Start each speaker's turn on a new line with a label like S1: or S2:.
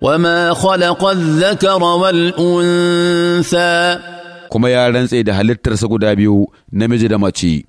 S1: وما خلق الذكر والأنثى
S2: كما يا رنس ده هلتر سكو دابيو نمجد ماتشي